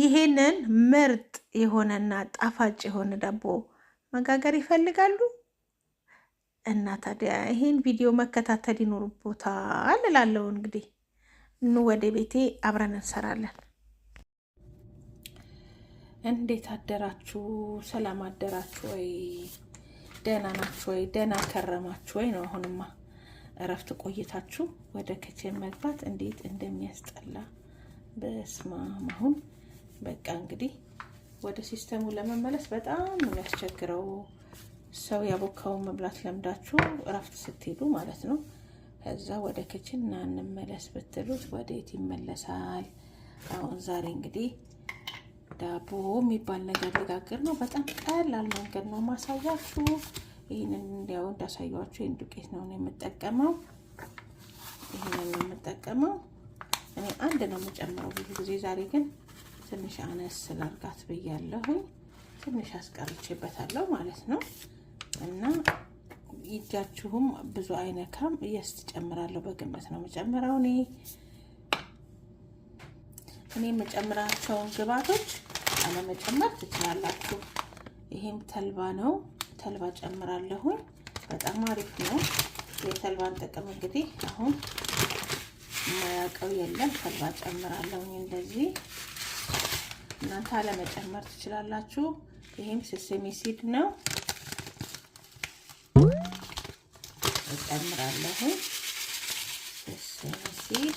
ይሄንን ምርጥ የሆነና ጣፋጭ የሆነ ዳቦ መጋገር ይፈልጋሉ እና ታዲያ ይሄን ቪዲዮ መከታተል ይኖርቦታል እላለሁ። እንግዲህ ኑ ወደ ቤቴ አብረን እንሰራለን። እንዴት አደራችሁ? ሰላም አደራችሁ ወይ? ደህና ናችሁ ወይ? ደህና ከረማችሁ ወይ ነው። አሁንማ እረፍት ቆይታችሁ ወደ ክቼን መግባት እንዴት እንደሚያስጠላ በስማ አሁን በቃ እንግዲህ ወደ ሲስተሙ ለመመለስ በጣም ነው የሚያስቸግረው። ሰው ያቦካውን መብላት ለምዳችሁ እረፍት ስትሄዱ ማለት ነው። ከዛ ወደ ክችን ና እንመለስ ብትሉት ወዴት ይመለሳል? አሁን ዛሬ እንግዲህ ዳቦ የሚባል ነገር ልጋግር ነው። በጣም ቀላል መንገድ ነው ማሳያችሁ። ይህንን እንዲያው እንዳሳያችሁ ይህን ዱቄት ነው የምጠቀመው። ይህንን ነው የምጠቀመው እኔ አንድ ነው የምጨምረው ብዙ ጊዜ ዛሬ ግን ትንሽ አነስ ላርጋት ብያለሁ። ትንሽ አስቀርቼበታለሁ ማለት ነው እና ይጃችሁም ብዙ አይነካም። የስት ጨምራለሁ በግምት ነው መጨምረው። እኔ እኔ መጨምራቸውን ግብአቶች አለመጨመር ትችላላችሁ። ይሄም ተልባ ነው፣ ተልባ ጨምራለሁኝ። በጣም አሪፍ ነው። የተልባን ጥቅም እንግዲህ አሁን የማያውቀው የለም። ተልባ ጨምራለሁኝ እንደዚህ እናንተ አለመጨመር ትችላላችሁ። ይህም ስስሚ ሲድ ነው እጨምራለሁ። ስስሚ ሲድ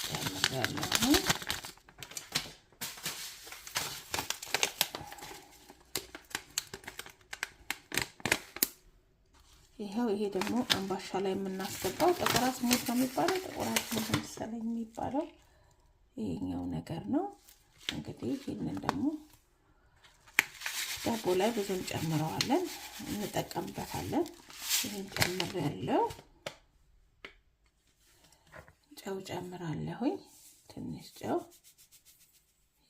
እጨምራለሁ። ይኸው ይሄ ደግሞ አምባሻ ላይ የምናስገባው ጥቁር አዝሙድ ነው የሚባለው። ጥቁር አዝሙድ መሰለኝ የሚባለው ይሄኛው ነገር ነው። እንግዲህ ይህንን ደግሞ ዳቦ ላይ ብዙም ጨምረዋለን እንጠቀምበታለን። ይህን ጨምር ያለው ጨው ጨምራለሁኝ። ትንሽ ጨው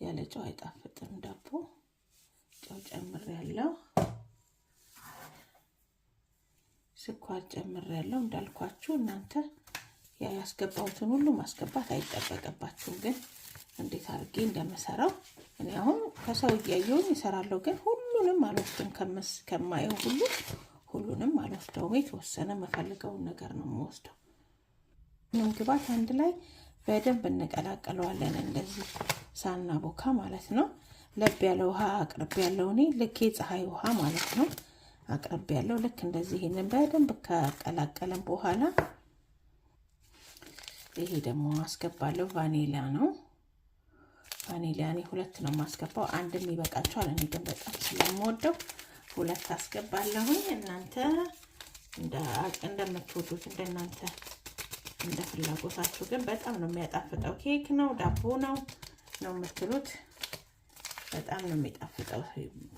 ያለ ጨው አይጣፍጥም ዳቦ። ጨው ጨምር ያለው ስኳር ጨምር ያለው እንዳልኳችሁ እናንተ ያስገባሁትን ሁሉ ማስገባት አይጠበቅባችሁም ግን እንዴት አድርጌ እንደምሰራው እኔ አሁን ከሰው እያየውን ይሰራለሁ ግን ሁሉንም አልወስድም። ከማየው ሁሉ ሁሉንም አልወስደውም። የተወሰነ የምፈልገውን ነገር ነው የምወስደው። ምንም ግባት አንድ ላይ በደንብ እንቀላቀለዋለን። እንደዚህ ቦካ ማለት ነው። ለብ ያለ ውሃ አቅርብ ያለው እኔ ልክ የፀሐይ ውሃ ማለት ነው አቅርብ ያለው ልክ እንደዚህ። ይሄንን በደንብ ከቀላቀለን በኋላ ይሄ ደግሞ አስገባለሁ። ቫኒላ ነው እኔ ለእኔ ሁለት ነው የማስገባው። አንድም ይበቃቸዋል። እኔ ግን በጣም ስለምወደው ሁለት አስገባለሁኝ። እናንተ እንደምትወዱት እንደናንተ እንደ ፍላጎታችሁ ግን በጣም ነው የሚያጣፍጠው። ኬክ ነው ዳቦ ነው ነው የምትሉት በጣም ነው የሚጣፍጠው።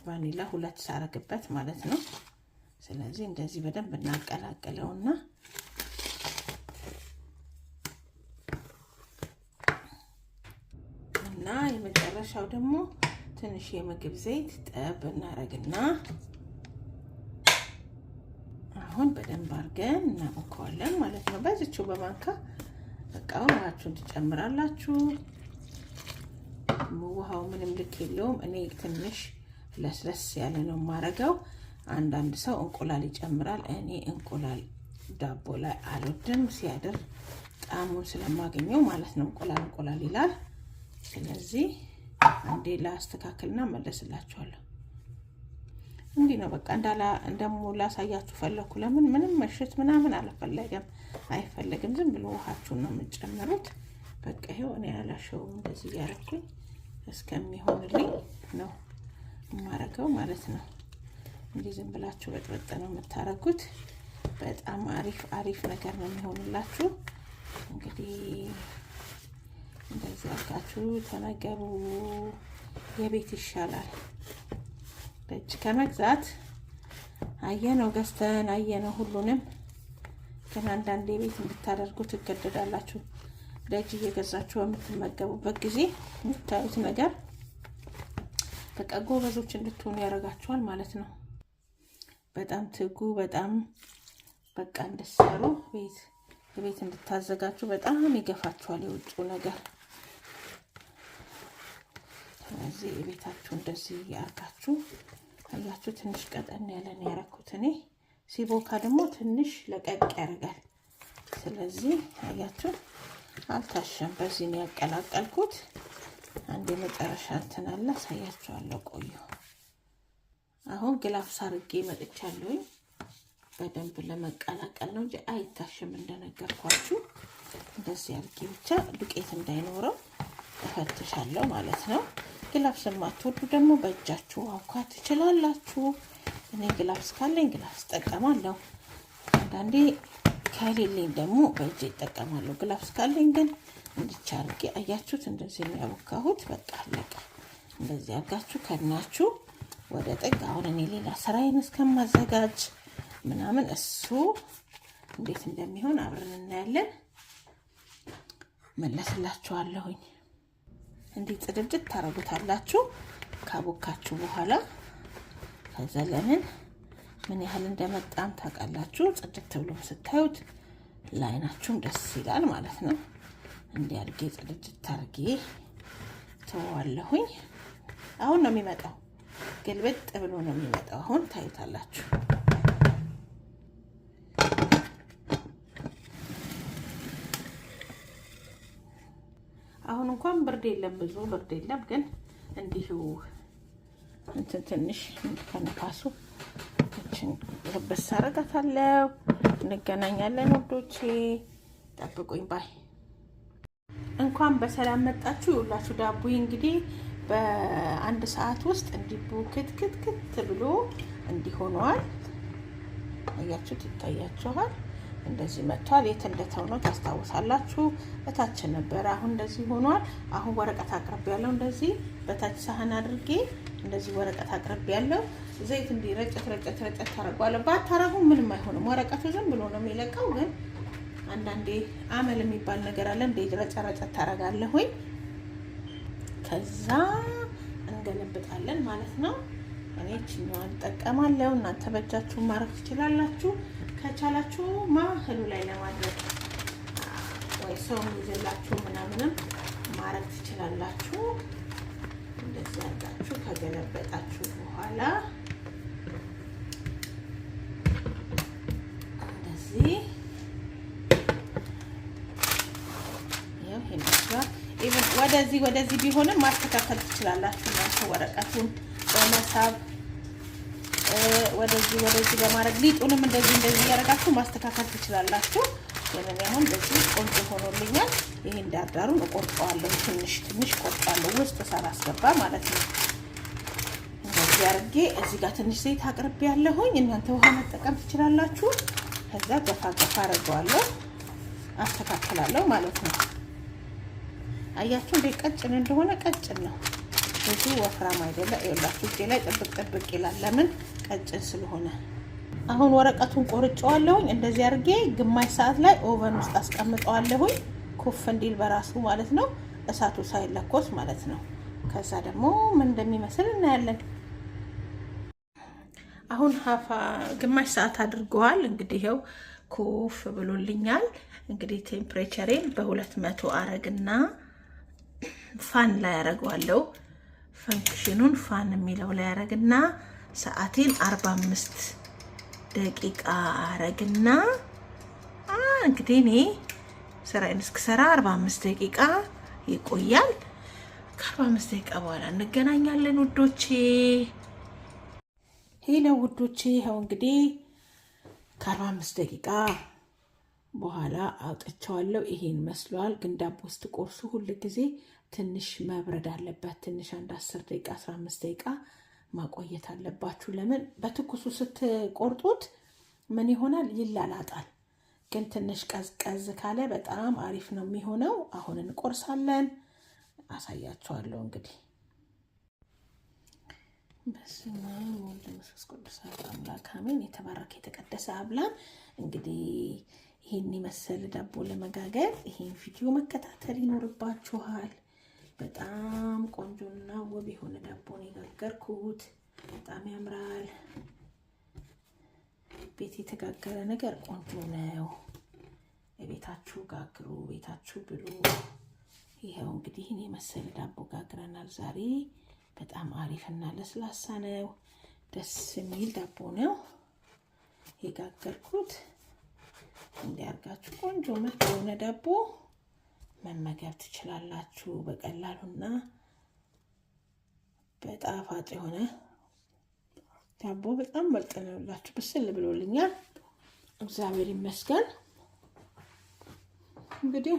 ቫኒላ ሁለት ሳረግበት ማለት ነው። ስለዚህ እንደዚህ በደንብ እናቀላቅለውና መጨረሻው ደግሞ ትንሽ የምግብ ዘይት ጠብ እናደርግና አሁን በደንብ አድርገን እናቦከዋለን ማለት ነው። በዚችው በማንካ በቃ ውሃችሁን ትጨምራላችሁ። ውሃው ምንም ልክ የለውም። እኔ ትንሽ ለስለስ ያለ ነው የማረገው። አንዳንድ ሰው እንቁላል ይጨምራል። እኔ እንቁላል ዳቦ ላይ አልወድም፣ ሲያድር ጣዕሙን ስለማገኘው ማለት ነው። እንቁላል እንቁላል ይላል። ስለዚህ አንዴ ላስተካክልና መለስላችኋለሁ። እንዲህ ነው በቃ እንዳላ እንደሞ ላሳያችሁ ፈለግኩ። ለምን ምንም መሽት ምናምን አልፈለገም አይፈለግም። ዝም ብሎ ውሃችሁን ነው የምንጨምሩት። በቃ ይሄው እኔ ያላሸውም እንደዚህ እያረኩኝ እስከሚሆንልኝ ነው የማረገው ማለት ነው። እንዲህ ዝም ብላችሁ በጥበጥ ነው የምታረጉት። በጣም አሪፍ አሪፍ ነገር ነው የሚሆንላችሁ እንግዲህ እንደዚህ አርጋችሁ ተመገቡ። የቤት ይሻላል በእጅ ከመግዛት። አየነው ገዝተን አየነው ሁሉንም። ግን አንዳንዴ ቤት እንድታደርጉ ትገደዳላችሁ። ደጅ እየገዛችሁ በምትመገቡበት ጊዜ የምታዩት ነገር በቃ ጎበዞች እንድትሆኑ ያደርጋችኋል ማለት ነው። በጣም ትጉ፣ በጣም በቃ እንድትሰሩ ቤት ቤት እንድታዘጋጁ በጣም ይገፋችኋል የውጭው ነገር እዚህ ቤታችሁ እንደዚህ ያርጋችሁ። አያችሁ ትንሽ ቀጠን ያለን ያረኩት እኔ። ሲቦካ ደግሞ ትንሽ ለቀቅ ያደርጋል። ስለዚህ አያችሁ አልታሸም። በዚህ ነው ያቀላቀልኩት። አንድ የመጨረሻ እንትን አለ አሳያችኋለሁ። ቆዩ። አሁን ግላፍስ አድርጌ መጥቻለሁኝ። በደንብ ለመቀላቀል ነው እንጂ አይታሸም። እንደነገርኳችሁ እንደዚህ አድርጌ ብቻ ዱቄት እንዳይኖረው እፈትሻለሁ ማለት ነው። ግላፍ ስለማትወዱ ደግሞ በእጃችሁ አውካት ትችላላችሁ። እኔ ግላፍ እስካለኝ ግላፍ እጠቀማለሁ። አንዳንዴ ከሌለኝ ደግሞ በእጅ ይጠቀማለሁ። ግላፍ እስካለኝ ግን እንዲቻ አድርጌ አያችሁት፣ እንደዚህ የሚያቦካሁት በቃ አለቀ። እንደዚህ አድርጋችሁ ከናችሁ ወደ ጥግ። አሁን እኔ ሌላ ስራዬን እስከማዘጋጅ ምናምን እሱ እንዴት እንደሚሆን አብረን እናያለን። መለስላችኋለሁኝ። እንዴት ጽድብድብ ታረጉታላችሁ። ካቦካችሁ በኋላ ከዛ ለምን ምን ያህል እንደመጣም ታውቃላችሁ። ጽድት ብሎ ስታዩት ለአይናችሁም ደስ ይላል ማለት ነው። እንዲህ አድርጌ ጽድት አድርጌ ተዋለሁኝ። አሁን ነው የሚመጣው፣ ግልብጥ ብሎ ነው የሚመጣው። አሁን ታዩታላችሁ። አሁን እንኳን ብርድ የለም፣ ብዙ ብርድ የለም። ግን እንዲሁ ትንሽ ከንፋሱ ችን ልብስ አረጋታለሁ። እንገናኛለን ወዶቼ፣ ጠብቁኝ ባይ። እንኳን በሰላም መጣችሁ ሁላችሁ። ዳቦ እንግዲህ በአንድ ሰዓት ውስጥ እንዲቡ ክትክትክት ብሎ እንዲሆነዋል። አያችሁት? ይታያችኋል እንደዚህ መጥቷል። የት እንደተው ነው ታስታውሳላችሁ። እታች ነበረ፣ አሁን እንደዚህ ሆኗል። አሁን ወረቀት አቅርብ ያለው እንደዚህ በታች ሳህን አድርጌ እንደዚህ ወረቀት አቅርብ ያለው ዘይት እንዲህ ረጨት ረጨት ረጨት ታደርጓለሁ። ባታረጉ ምንም አይሆንም። ወረቀቱ ዝም ብሎ ነው የሚለቀው። ግን አንዳንዴ አመል የሚባል ነገር አለ። እንደ ረጨ ረጨት ታደርጋለሁኝ። ከዛ እንገለብጣለን ማለት ነው። እኔ ችኛዋን እጠቀማለሁ። እናንተ በእጃችሁ ማረፍ ትችላላችሁ። ከቻላችሁ ማህሉ ላይ ለማድረግ ወይ ሰው ይዘላችሁ ምናምንም ማረግ ትችላላችሁ። እንደዚህ አድርጋችሁ ከገለበጣችሁ በኋላ እንደዚህ ወደዚህ ወደዚህ ቢሆንም ማስተካከል ትችላላችሁ። ናቸው ወረቀቱን በመሳብ ወደዚህ ወደዚህ በማድረግ ሊጡንም እንደዚህ እንደዚህ እያደረጋችሁ ማስተካከል ትችላላችሁ። ይህንን አሁን በዚህ ቆንጆ ሆኖልኛል። ይህን ዳርዳሩን እቆርጠዋለሁ፣ ትንሽ ትንሽ ቆርጠዋለሁ፣ ውስጥ ሳላስገባ ማለት ነው። እንደዚህ አድርጌ እዚህ ጋር ትንሽ ዘይት አቅርቤ ያለሁኝ፣ እናንተ ውሃ መጠቀም ትችላላችሁ። ከዛ ገፋ ገፋ አድርገዋለሁ፣ አስተካክላለሁ ማለት ነው። አያችሁ እንዴ ቀጭን እንደሆነ ቀጭን ነው። ብዙ ወፍራም አይደለ። ይኸውላችሁ እጄ ላይ ጥብቅ ጥብቅ ይላል። ለምን ቀጭን ስለሆነ አሁን ወረቀቱን ቆርጨዋለሁኝ። እንደዚህ አድርጌ ግማሽ ሰዓት ላይ ኦቨን ውስጥ አስቀምጠዋለሁኝ። ኩፍ እንዲል በራሱ ማለት ነው፣ እሳቱ ሳይለኮስ ማለት ነው። ከዛ ደግሞ ምን እንደሚመስል እናያለን። አሁን ሀፋ ግማሽ ሰዓት አድርገዋል። እንግዲህ ይኸው ኩፍ ብሎልኛል። እንግዲህ ቴምፕሬቸሬን በሁለት መቶ አረግና ፋን ላይ አረገዋለሁ። ፈንክሽኑን ፋን የሚለው ላይ አረግና ሰዓቴን 45 ደቂቃ አረግና እንግዲህ እኔ ስራዬን እስክሰራ 45 ደቂቃ ይቆያል። ከ45 ደቂቃ በኋላ እንገናኛለን ውዶቼ። ሄሎ ውዶቼ፣ ይኸው እንግዲህ ከ45 ደቂቃ በኋላ አውጥቼዋለሁ። ይሄን መስሏል። ግን ዳቦ ውስጥ ቆርሱ ሁል ጊዜ ትንሽ መብረድ አለበት። ትንሽ አንድ 10 ደቂቃ 15 ደቂቃ ማቆየት አለባችሁ። ለምን በትኩሱ ስትቆርጡት ምን ይሆናል? ይላላጣል። ግን ትንሽ ቀዝቀዝ ካለ በጣም አሪፍ ነው የሚሆነው። አሁን እንቆርሳለን፣ አሳያችኋለሁ። እንግዲህ በስመ አብ ወወልድ ወመንፈስ ቅዱስ አሐዱ አምላክ አሜን። የተባረከ የተቀደሰ አብላን እንግዲህ ይህን የመሰለ ዳቦ ለመጋገር ይህን ቪዲዮ መከታተል ይኖርባችኋል። በጣም ቆንጆና ውብ የሆነ ጋገርኩት። በጣም ያምራል። ቤት የተጋገረ ነገር ቆንጆ ነው። ቤታችሁ ጋግሩ፣ ቤታችሁ ብሉ። ይኸው እንግዲህ እኔ መሰል ዳቦ ጋግረናል ዛሬ። በጣም አሪፍና ለስላሳ ነው። ደስ የሚል ዳቦ ነው የጋገርኩት። እንዲያርጋችሁ ቆንጆ ምርጥ የሆነ ዳቦ መመገብ ትችላላችሁ በቀላሉና በጣፋጭ የሆነ ዳቦ በጣም ምርጥ ነው ያላችሁ። ብስል ብሎልኛል። እግዚአብሔር ይመስገን። እንግዲህ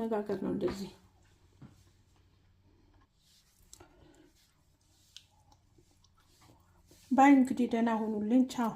መጋገር ነው እንደዚህ ባይ። እንግዲህ ደህና ሁኑልኝ። ቻው